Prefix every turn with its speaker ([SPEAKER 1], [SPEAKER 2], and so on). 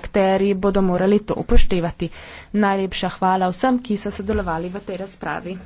[SPEAKER 1] akteri bodo morali to upoštevati. Najlepša hvala vsem, ki so sodelovali v tej razpravi.